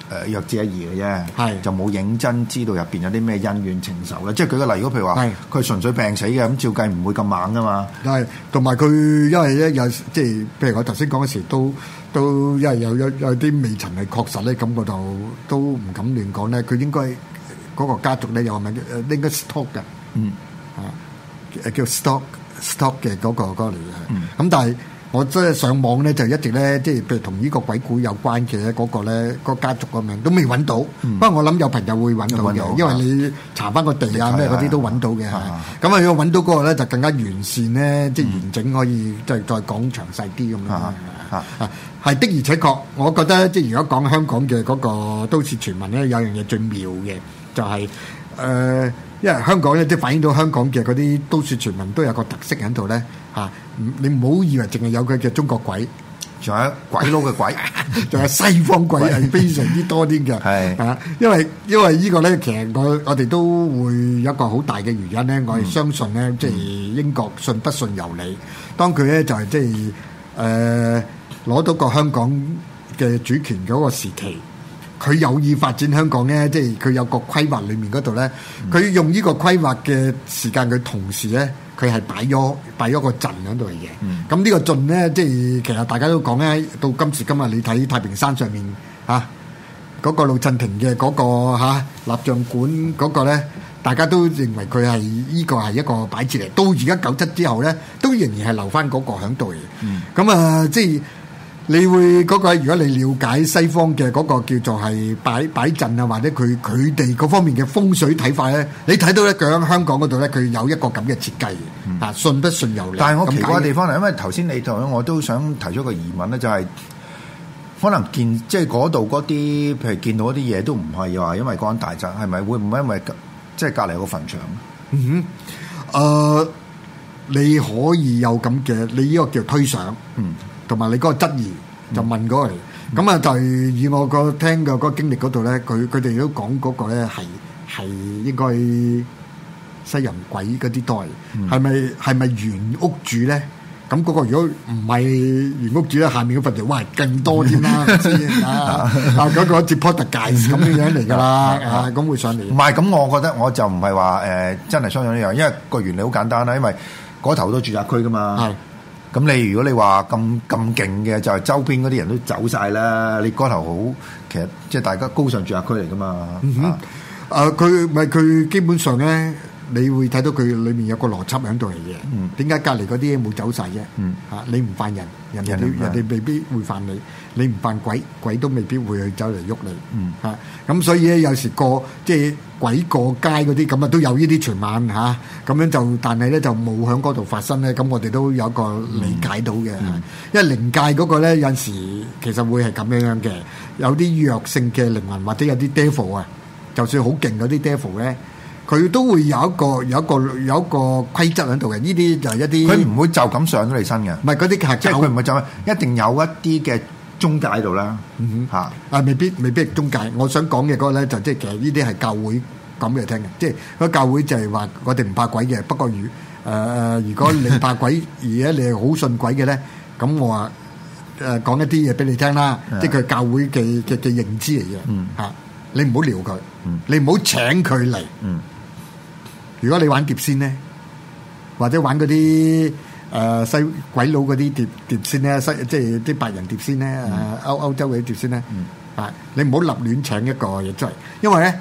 誒略知一二嘅啫，係就冇認真知道入邊有啲咩恩怨情仇咧。即係舉個例，如果譬如話，係佢純粹病死嘅，咁照計唔會咁猛噶嘛。係同埋佢因為咧有即係譬如我頭先講嗰時都都因為有有有啲未曾係確實咧，咁我就都唔敢亂講咧。佢應該嗰個家族咧又係咪應該 stop 嘅？嗯啊。誒叫 stock, stock、嗰個、s t o c 嘅嗰個嚟嘅，咁但係我即係上網咧就一直咧，即係譬如同呢個鬼故有關嘅嗰個咧、嗰個家族個名都未揾到，不過、嗯、我諗有朋友會揾到嘅，到因為你查翻、啊、個地啊咩嗰啲都揾到嘅，咁啊要揾到嗰個咧就更加完善咧，嗯、即係完整可以即係再講詳細啲咁樣。係、啊啊、的而且確，我覺得即係如果講香港嘅嗰個都市傳聞咧，有樣嘢最妙嘅就係、是、誒。呃呃因為香港咧，即係反映到香港嘅嗰啲都市傳聞都有個特色喺度咧嚇，你唔好以為淨係有佢嘅中國鬼，仲有鬼佬嘅鬼，仲有西方鬼係非常之多啲嘅。係啊，因為因為依個咧，其實我我哋都會有一個好大嘅原因咧，我係相信咧，即係英國信不信由你。當佢咧就係即係誒攞到個香港嘅主權嗰個時期。佢有意發展香港咧，即係佢有個規劃裡面嗰度咧，佢用呢個規劃嘅時間，佢同時咧，佢係擺咗擺咗個陣喺度嚟嘅嘢。咁呢、嗯、個陣咧，即係其實大家都講咧，到今時今日你睇太平山上面嚇嗰、啊那個老襯亭嘅嗰個嚇、啊、蠟像館嗰個咧，大家都認為佢係呢個係一個擺設嚟。到而家九七之後咧，都仍然係留返嗰個喺度嚟。咁、嗯嗯、啊，即係。你會嗰個？如果你了解西方嘅嗰個叫做係擺擺陣啊，或者佢佢哋嗰方面嘅風水睇法咧，你睇到咧，咁香港嗰度咧，佢有一個咁嘅設計嘅，信不信由你。但係我奇怪地方嚟，因為頭先你同我都想提出個疑問咧，就係、是、可能見即係嗰度嗰啲，譬如見到一啲嘢都唔係話因為關大宅，係咪會唔會因為即係、就是隔，就是、隔離個墳場？嗯哼、呃，你可以有咁嘅，你呢個叫推想，嗯。同埋你嗰個質疑就問過嚟，咁啊就以我個聽嘅嗰個經歷嗰度咧，佢佢哋都講嗰個咧係係應該西人鬼嗰啲多，係咪係咪原屋主咧？咁嗰個如果唔係原屋主咧，下面嘅份就喂更多添啦，知唔知啊？啊嗰個 deposit 界咁嘅樣嚟噶啦，啊咁會上嚟。唔係咁，我覺得我就唔係話誒真係相信呢樣，因為個原理好簡單啦，因為嗰頭都住宅區噶嘛。係。咁你如果你話咁咁勁嘅，就係、是、周邊嗰啲人都走晒啦。你嗰頭好，其實即係大家高尚住宅區嚟噶嘛。嗯、哼啊，佢唔係佢基本上咧。你會睇到佢裏面有個邏輯喺度嚟嘅，點解隔離嗰啲冇走曬啫？嚇！你唔犯人，人哋人哋未必會犯你；你唔犯鬼，鬼都未必會去走嚟喐你。嚇！咁所以咧，有時過即係鬼過街嗰啲咁啊，都有呢啲傳聞嚇。咁樣就但係咧，就冇喺嗰度發生咧。咁我哋都有個理解到嘅，因為靈界嗰個咧有時其實會係咁樣樣嘅，有啲弱性嘅靈魂或者有啲 devil 啊，就算好勁嗰啲 devil 咧。佢都會有一個有一個有一個規則喺度嘅，呢啲就係一啲佢唔會就咁上咗你身嘅。唔係嗰啲客，即係佢唔會就一定有一啲嘅中介喺度啦。嗯哼嚇，啊未必未必係中介。我想講嘅嗰咧就即係其實呢啲係教會講俾你聽嘅，即係嗰教會就係話我哋唔怕鬼嘅。不過如誒誒，如果你怕鬼而家你係好信鬼嘅咧，咁我話誒講一啲嘢俾你聽啦。即係佢教會嘅嘅嘅認知嚟嘅。嗯嚇，你唔好撩佢，你唔好請佢嚟。嗯。如果你玩碟仙咧，或者玩嗰啲誒西鬼佬嗰啲碟碟仙咧，西即係啲白人碟仙咧，歐歐洲嗰啲碟仙咧，啊，你唔好立亂請一個嘢出嚟，因為咧，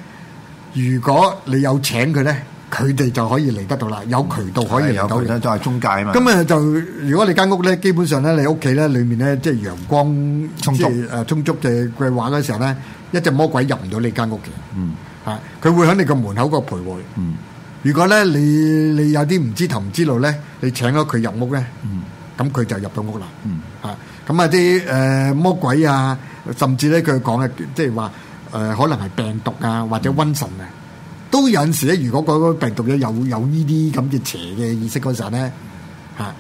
如果你有請佢咧，佢哋就可以嚟得到啦，有渠道可以有渠道，就係中介啊嘛。咁啊，就如果你間屋咧，基本上咧，你屋企咧，裏面咧，即係陽光充足誒充足嘅話嘅時候咧，一隻魔鬼入唔到你間屋嘅。嗯，啊，佢會喺你個門口嗰度徘徊。嗯。如果咧你你有啲唔知頭唔知路咧，你請咗佢入屋咧，咁佢、嗯、就入到屋啦。吓咁、嗯、啊啲誒、呃、魔鬼啊，甚至咧佢講嘅即係話誒可能係病毒啊或者瘟神啊，都有陣時咧。如果嗰個病毒咧有有呢啲咁嘅邪嘅意識嗰陣咧，吓、啊、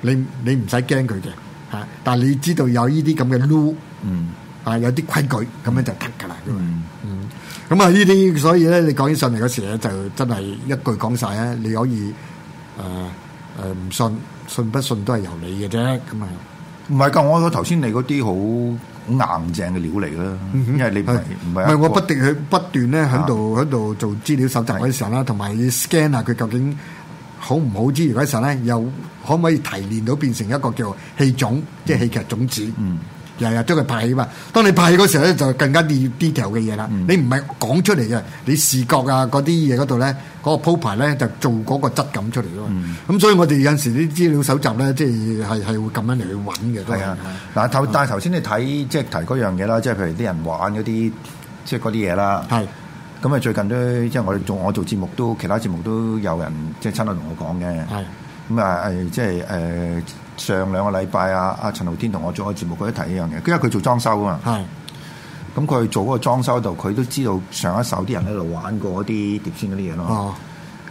你你唔使驚佢嘅吓，但係你知道有呢啲咁嘅擼。嗯啊，有啲規矩咁樣就得噶啦，咁啊，咁啊呢啲，所以咧你講起上嚟嗰時咧，就真係一句講晒啊！你可以誒誒唔信，信不信都係由你嘅啫，咁啊，唔係噶，我我頭先你嗰啲好硬淨嘅料嚟啦，因為你唔係唔係，我不斷去不斷咧喺度喺度做資料蒐集嗰時啦，同埋你 scan 下佢究竟好唔好之餘嗰時咧，又可唔可以提煉到變成一個叫做戲種，即係戲劇種子。日日將佢拍起嘛，當你拍起嗰時咧，就更加 detail 嘅嘢啦。嗯、你唔係講出嚟嘅，你視覺啊嗰啲嘢嗰度咧，嗰、那個鋪排咧就做嗰個質感出嚟咯。咁、嗯、所以我哋有時啲資料搜集咧，即係係係會咁樣嚟去揾嘅。係啊，嗱頭、嗯、但係頭先你睇即係提嗰樣嘢啦，即係譬如啲人玩嗰啲即係嗰啲嘢啦。係咁啊，最近都即係我做我做節目都其他節目都有人即係親口同我講嘅。係咁啊，即係誒。上兩個禮拜啊啊，陳浩天同我做個節目，佢一提呢樣嘢，因為佢做裝修啊嘛，咁佢是做嗰個裝修度，佢都知道上一手啲人喺度玩過啲碟仙嗰啲嘢咯。哦，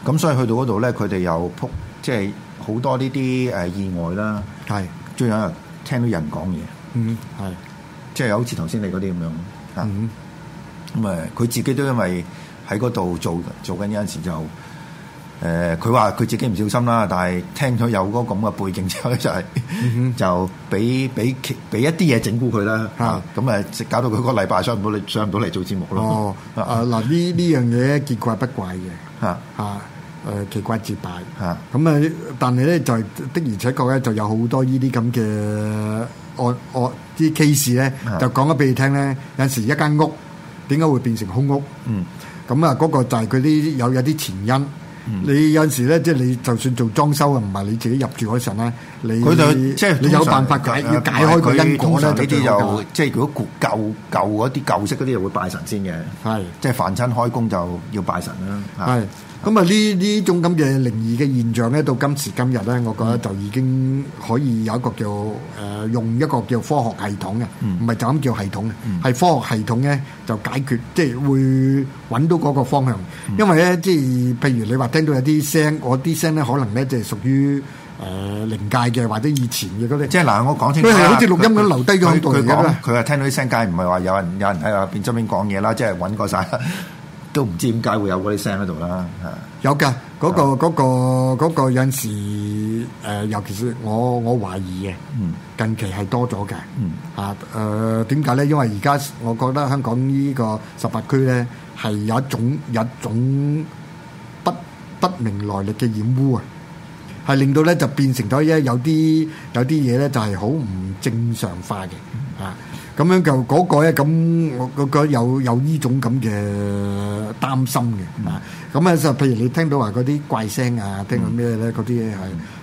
咁所以去到嗰度咧，佢哋又撲，即係好多呢啲誒意外啦。係是，仲有聽到人講嘢。嗯，係，即係好似頭先你嗰啲咁樣咁誒，佢、嗯哼啊、自己都因為喺嗰度做做緊嗰陣時就。誒佢話佢自己唔小心啦，但係聽咗有個咁嘅背景之後，就係、是嗯、 就俾俾俾一啲嘢整蠱佢啦嚇，咁誒、嗯，直搞到佢嗰個禮拜上唔到上唔到嚟做節目咯。哦啊嗱，呢呢樣嘢見怪不怪嘅嚇嚇誒，其怪自敗嚇。咁啊、嗯嗯，但係咧就的而且確咧就有好多呢啲咁嘅案案啲 case 咧，就講咗俾你聽咧、嗯嗯。有時一間屋點解會變成空屋？嗯，咁啊嗰個就係佢啲有有啲前因。 你有陣時咧，即係你就算你做裝修啊，唔係你自己入住嗰陣咧，你佢就即係、就是、你有辦法嘅。解，啊、解開個因果咧，呢啲就即係如果舊舊嗰啲舊式嗰啲，又會拜神先嘅。係的即係凡親開工就要拜神啦。係。咁啊呢呢種咁嘅靈異嘅現象咧，到今時今日咧，我覺得就已經可以有一個叫誒用一個叫科學系統嘅，唔係就咁叫系統嘅，係科學系統咧就解決，即係會揾到嗰個方向。因為咧，即係譬如你話聽到有啲聲，嗰啲聲咧可能咧就係屬於誒靈界嘅，或者以前嘅嗰啲。即係嗱，我講清楚，佢係好似錄音咁留低咗喺度嘅。佢話聽到啲聲，梗係唔係話有人有人喺入邊側邊講嘢啦？即係揾過曬。都唔知點解會有嗰啲聲喺度啦，嚇有㗎，嗰個嗰個嗰個有時誒，尤其是我我懷疑嘅，近期係多咗嘅，嚇誒點解咧？因為而家我覺得香港呢個十八區咧係有一種有一種不不明來歷嘅染污啊，係令到咧就變成咗一有啲有啲嘢咧就係好唔正常化嘅，啊！咁樣就嗰個咧，咁我個個有有依種咁嘅擔心嘅啊！咁啊，就譬如你聽到話嗰啲怪聲啊，聽到咩咧嗰啲嘢係，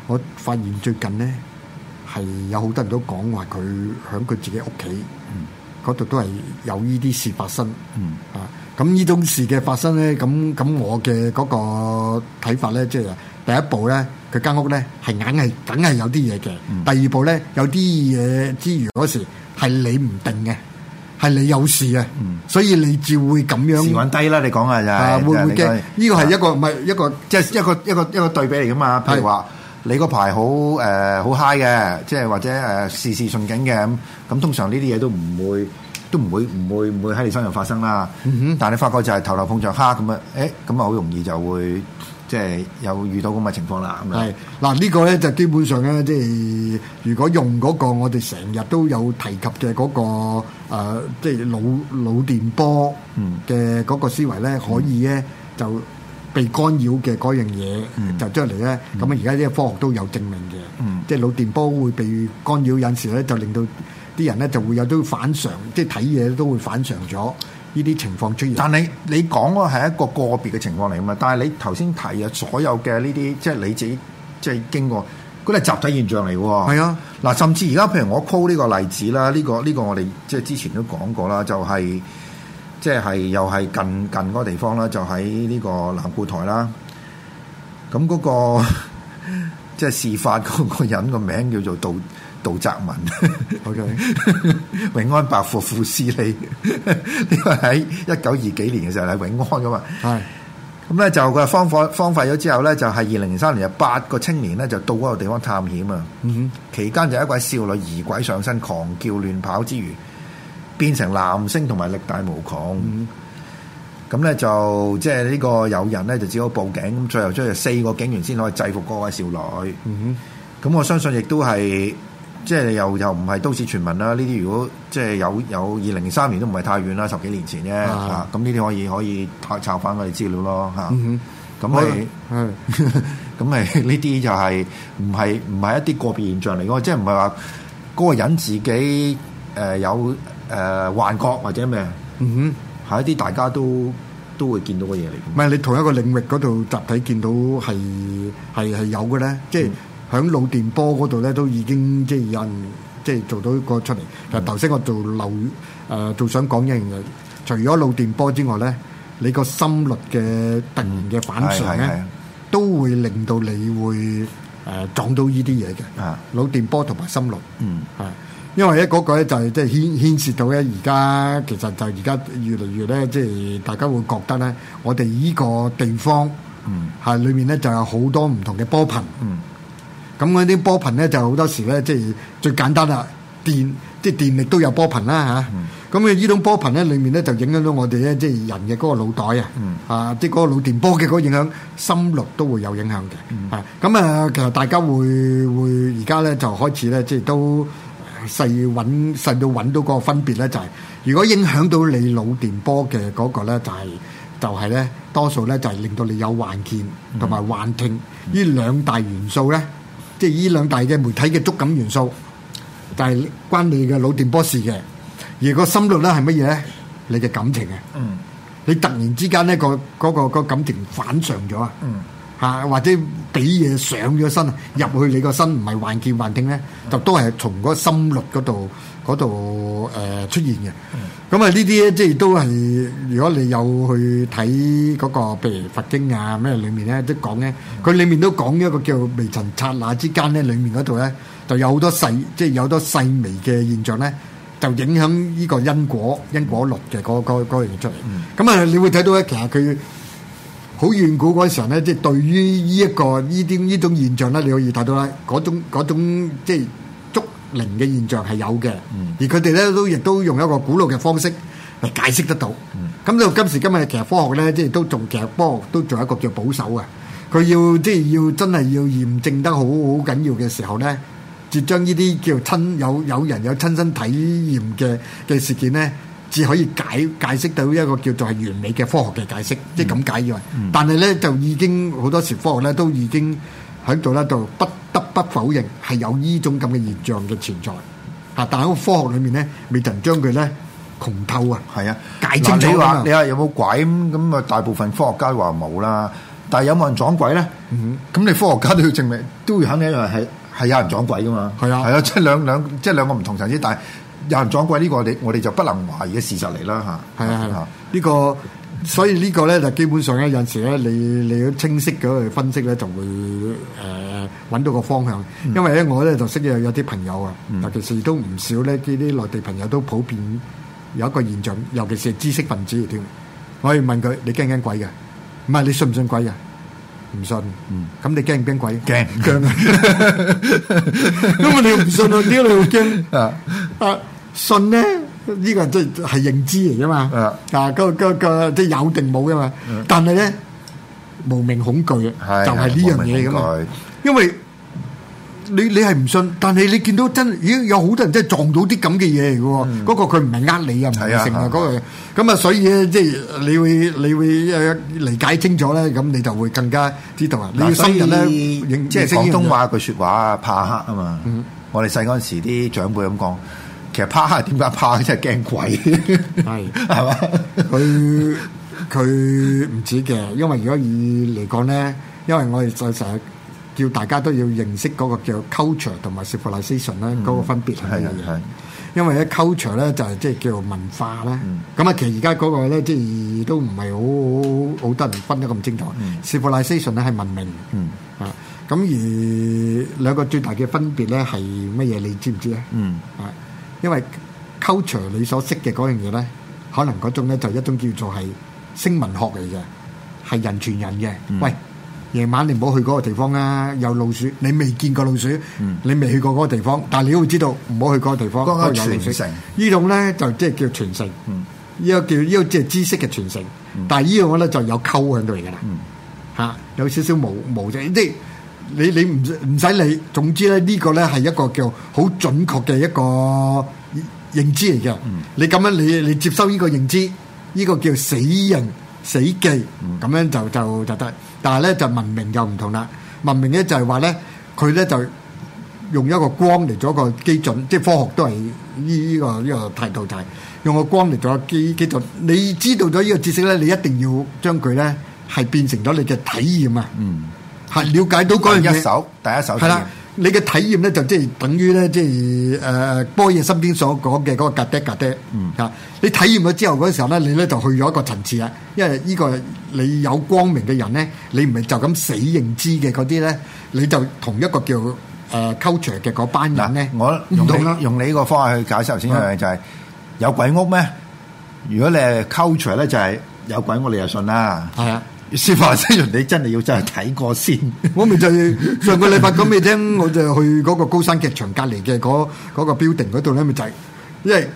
我發現最近咧係有好多人都講話佢喺佢自己屋企嗰度都係有依啲事發生啊！咁依種事嘅發生咧，咁咁我嘅嗰個睇法咧，即係第一步咧，佢間屋咧係硬係梗係有啲嘢嘅；第二步咧，有啲嘢之餘嗰時。係你唔定嘅，係你有事嘅，所以你至會咁樣。時運低啦，你講下就，會唔會驚？呢個係一個唔係一個，即係一個一個一個對比嚟噶嘛。譬如話你個牌，好誒好 high 嘅，即係或者誒事事順景嘅咁，咁通常呢啲嘢都唔會都唔會唔會唔會喺你身上發生啦。但係你發覺就係頭頭碰着黑咁啊，誒咁啊，好容易就會。即係有遇到咁嘅情況啦，咁嗱呢個咧就基本上咧，即係如果用嗰個我哋成日都有提及嘅嗰、嗰個、呃、即係腦腦電波嘅嗰個思維咧，嗯、可以咧就被干擾嘅嗰樣嘢就出嚟咧。咁啊、嗯，而家啲科學都有證明嘅，嗯、即係腦電波會被干擾，有時咧就令到啲人咧就會有啲反常，即係睇嘢都會反常咗。呢啲情況出現，但係你講個係一個個別嘅情況嚟嘛？但係你頭先提嘅所有嘅呢啲，即係你自己即係經過，嗰啲係集體現象嚟喎。係啊，嗱，甚至而家譬如我 call 呢個例子啦，呢個呢個我哋即係之前都講過啦，就係即係又係近近嗰個地方啦，就喺呢個南固台啦。咁嗰個即係 事發嗰個人個名叫做杜。.杜澤文，好 Okay. 永安百貨富士利，呢個喺一九二幾年嘅時候喺永安噶嘛，係是，咁咧就佢係荒廢荒廢咗之後咧，就係二零零三年有八個青年咧就到嗰個地方探險啊，嗯、哼期間就一位少女疑鬼上身，狂叫亂跑之餘，變成男聲同埋力大無窮，咁咧、嗯、哼就即係、就是、呢個有人咧就只好報警，咁最後追住四個警員先可以制服嗰位少女，咁、嗯、哼我相信亦都係。即係又又唔係都市傳聞啦，呢啲如果即係有，有二零零三年都唔係太遠啦，十幾年前啫，咁呢啲可以可以抄翻我哋資料咯嚇。咁、啊、係，咁係呢啲就係唔係唔係一啲個別現象嚟㗎，即係唔係話嗰個人自己誒、呃、有誒、呃、幻覺或者咩？嗯、哼，係一啲大家都都會見到嘅嘢嚟。唔係你同一個領域嗰度集體見到係係係有嘅咧，即係、嗯。喺腦電波嗰度咧，都已經即係有人即係做到一個出嚟。但係頭先我做漏誒、呃，做想講一樣嘅，除咗腦電波之外咧，你個心率嘅、嗯、突然嘅反常咧，是是是是都會令到你會誒、呃、撞到呢啲嘢嘅。腦是是 電波同埋心率，嗯，係因為咧嗰個咧就係即係牽牽涉到咧，而家其實就而家越嚟越咧，即係大家會覺得咧，我哋依個地方係裏、嗯、面咧就有好多唔同嘅波頻。咁嗰啲波頻咧就好多時咧，即係最簡單啦，電即係電力都有波頻啦吓。咁啊、嗯，呢種波頻咧，裡面咧就影響到我哋咧，嗯、即係人嘅嗰個腦袋啊，啊，即係嗰個腦電波嘅嗰個影響，心率都會有影響嘅。啊、嗯，咁啊、嗯，其實大家會會而家咧就開始咧，即係都細揾細到揾到個分別咧、就係，就係如果影響到你腦電波嘅嗰個咧、就係，就係、係、就係咧多數咧就係令到你有幻見同埋幻聽呢兩、嗯嗯、大元素咧。即係呢兩大嘅媒體嘅觸感元素，但係關你嘅腦電波事嘅。而個心率咧係乜嘢咧？你嘅感情嘅。嗯。你突然之間咧個嗰個個感情反常咗啊！嗯。嚇或者俾嘢上咗身入去你個身唔係幻見幻聽咧，就都係從嗰個心率嗰度。嗰度誒出現嘅，咁啊呢啲咧即係都係，如果你有去睇嗰個，譬如佛經啊咩裏面咧，都講咧，佢裏面都講一個叫微塵剎那之間咧，裏面嗰度咧就有好多細，即係有好多細微嘅現象咧，就影響依個因果因果律嘅嗰嗰嗰樣出嚟。咁啊，你會睇到咧，其實佢好遠古嗰陣時咧，即係對於依一個依啲依種現象咧，你可以睇到咧，嗰種嗰種即係。靈嘅現象係有嘅，嗯、而佢哋咧都亦都用一個古老嘅方式嚟解釋得到。咁到、嗯、今時今日嘅其實科學咧即係都仲其實科學都仲有一個叫保守啊。佢要即係要真係要驗證得好好緊要嘅時候咧，就將呢啲叫親有有人有親身體驗嘅嘅事件咧，只可以解解釋到一個叫做係完美嘅科學嘅解釋，即係咁解嘅。但係咧就已經好多時科學咧都已經。喺度咧，就不得不否認係有呢種咁嘅現象嘅存在嚇。但喺個科學裏面咧，未曾將佢咧窮透啊。係啊，解清楚啊。你話你話有冇鬼咁咁啊？大部分科學家話冇啦。但係有冇人撞鬼咧？嗯，咁你科學家都要證明，都要肯定係係有人撞鬼噶嘛。係啊，係啊，即係兩兩即係兩個唔同層次，但係有人撞鬼呢個，我哋我哋就不能懷疑嘅事實嚟啦嚇。係啊係啊，呢個。所以呢個咧就基本上咧，有陣時咧，你你要清晰咁去分析咧，就會誒揾到個方向，因為咧我咧就識嘅有啲朋友啊，尤其是都唔少咧，啲啲內地朋友都普遍有一個現象，尤其是知識分子嚟添。我要問佢：你驚唔驚鬼嘅？唔係你信唔信鬼啊？唔信。咁你驚唔驚鬼？驚。咁你唔信啊？點解你會驚啊？啊信咧？呢個都係認知嚟嘅嘛，啊，個個個即係有定冇嘅嘛。但係咧，無名恐懼就係呢樣嘢嘅嘛。因為你你係唔信，但係你見到真，已經有好多人真係撞到啲咁嘅嘢嚟嘅喎。嗰個佢唔係呃你啊，唔係情啊嗰個。咁啊，所以咧即係你會你會啊理解清楚咧，咁你就會更加知道啊。你要深入咧，即係廣東話句説話啊，怕黑啊嘛。我哋細嗰陣時啲長輩咁講。其實怕點解怕？真係驚鬼， 係係嘛？佢佢唔止嘅，因為如果以嚟講咧，因為我哋就成日叫大家都要認識嗰個叫 culture 同埋 civilization 咧，嗰個分別係乜嘢？因為咧 culture 咧就係即係叫文化咧，咁啊、嗯，其實而家嗰個咧即係都唔係好好好得人分得咁清楚。嗯、civilization 咧係文明，嗯、啊，咁而兩個最大嘅分別咧係乜嘢？你知唔知咧？嗯，啊。因為 Culture 你所識嘅嗰樣嘢咧，可能嗰種咧就一種叫做係聲文學嚟嘅，係人傳人嘅。嗯、喂，夜晚你唔好去嗰個地方啊！有老鼠，你未見過老鼠，嗯、你未去過嗰個地方，但係你都會知道唔好去嗰個地方。嗰、嗯、個傳承呢種咧就即係叫傳承，呢個叫呢、嗯、個即係知識嘅傳承。嗯、但係呢樣我咧就有溝喺度嚟噶啦，吓有少少毛毛即係你你唔唔使理，總之咧呢個咧係一個叫好準確嘅一個認知嚟嘅。嗯，你咁樣你你接收呢個認知，呢個叫死人死記，咁樣就就就得。但係咧就文明就唔同啦，文明咧就係話咧佢咧就用一個光嚟做一個基準，即係科學都係呢呢個呢個態度就係用個光嚟做個基基準。你知道咗呢個知識咧，你一定要將佢咧係變成咗你嘅體驗啊！嗯。係瞭解到嗰樣嘢，第一手第一手。係啦，你嘅體驗咧就即係等於咧即係誒波耶身邊所講嘅嗰個格爹格爹。嗯，你體驗咗之後嗰時候咧，你咧就去咗一個層次啦。因為呢個你有光明嘅人咧，你唔係就咁死認知嘅嗰啲咧，你就同一個叫誒 culture 嘅嗰班人咧。我用你用你呢個方法去解釋頭先嘅就係、是嗯、有鬼屋咩？如果你係 culture 咧，就係有鬼屋，你就信啦。係啊。說話真，你真係要真係睇過先。我咪就上個禮拜講你聽，我就去嗰個高山劇場隔籬嘅嗰嗰個 building 嗰度咧咪就，因為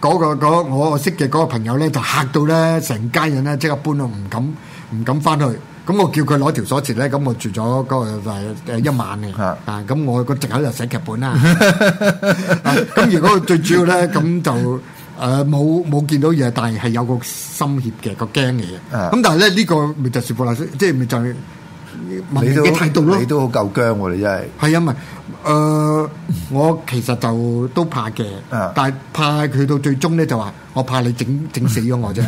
嗰個嗰我識嘅嗰個朋友咧就嚇到咧，成家人咧即刻搬咗，唔敢唔敢翻去。咁我叫佢攞條鎖匙咧，咁我住咗嗰就係誒一晚嘅。啊，咁我個借口就寫劇本啦。咁如果最主要咧，咁就。誒，冇冇、呃、見到嘢，但係係有個心怯嘅個驚嘅，咁、uh. 但係咧呢、呢個咪就係布拉斯，即係咪就係、是就是。文明嘅態度咯，你都好夠薑喎！你真係係啊，唔係誒我其實就都怕嘅，但係怕佢到最終咧就話，我怕你整整死咗我啫。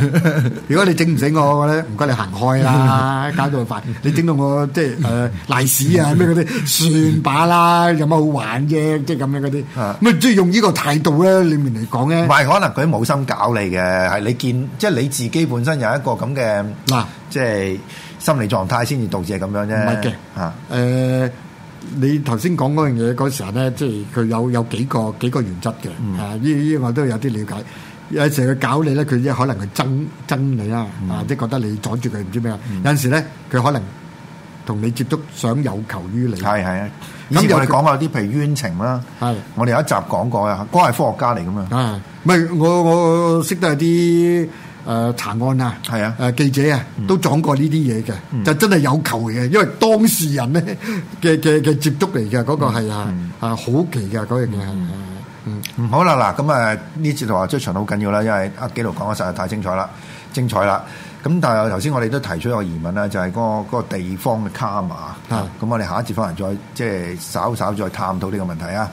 如果你整唔死我咧，唔該你行開啦，搞到佢煩，你整到我即係誒瀨屎啊咩嗰啲，算把啦，有乜好玩啫？即係咁樣嗰啲，咁啊即係用呢個態度咧，裏面嚟講咧，唔係可能佢冇心搞你嘅，係你見即係你自己本身有一個咁嘅嗱，即係。心理狀態先至導致係咁樣啫。唔係嘅，啊，誒，你頭先講嗰樣嘢嗰時刻咧，即係佢有有幾個幾個原則嘅，啊，依依我都有啲了解。有陣時佢搞你咧，佢即係可能佢憎憎你啦，啊，即係覺得你阻住佢唔知咩。有陣時咧，佢可能同你接觸想有求於你。係係啊，咁我哋講過啲譬如冤情啦，係，我哋有一集講過啊，哥係科學家嚟㗎嘛。啊，我我識得啲。誒、呃、查案啊，係啊，誒、呃、記者啊，都講過呢啲嘢嘅，嗯、就真係有求嘅，因為當事人咧嘅嘅嘅接觸嚟嘅，嗰個係啊啊好奇嘅嗰樣嘢，嗯嗯，嗯好啦嗱，咁啊呢節話追場好緊要啦，因為阿紀陶講得實在太精彩啦，精彩啦，咁但係頭先我哋都提出一個疑問啦，就係嗰嗰個地方嘅卡嘛，啊，咁我哋下一節返嚟再即係稍稍再探討呢個問題啊。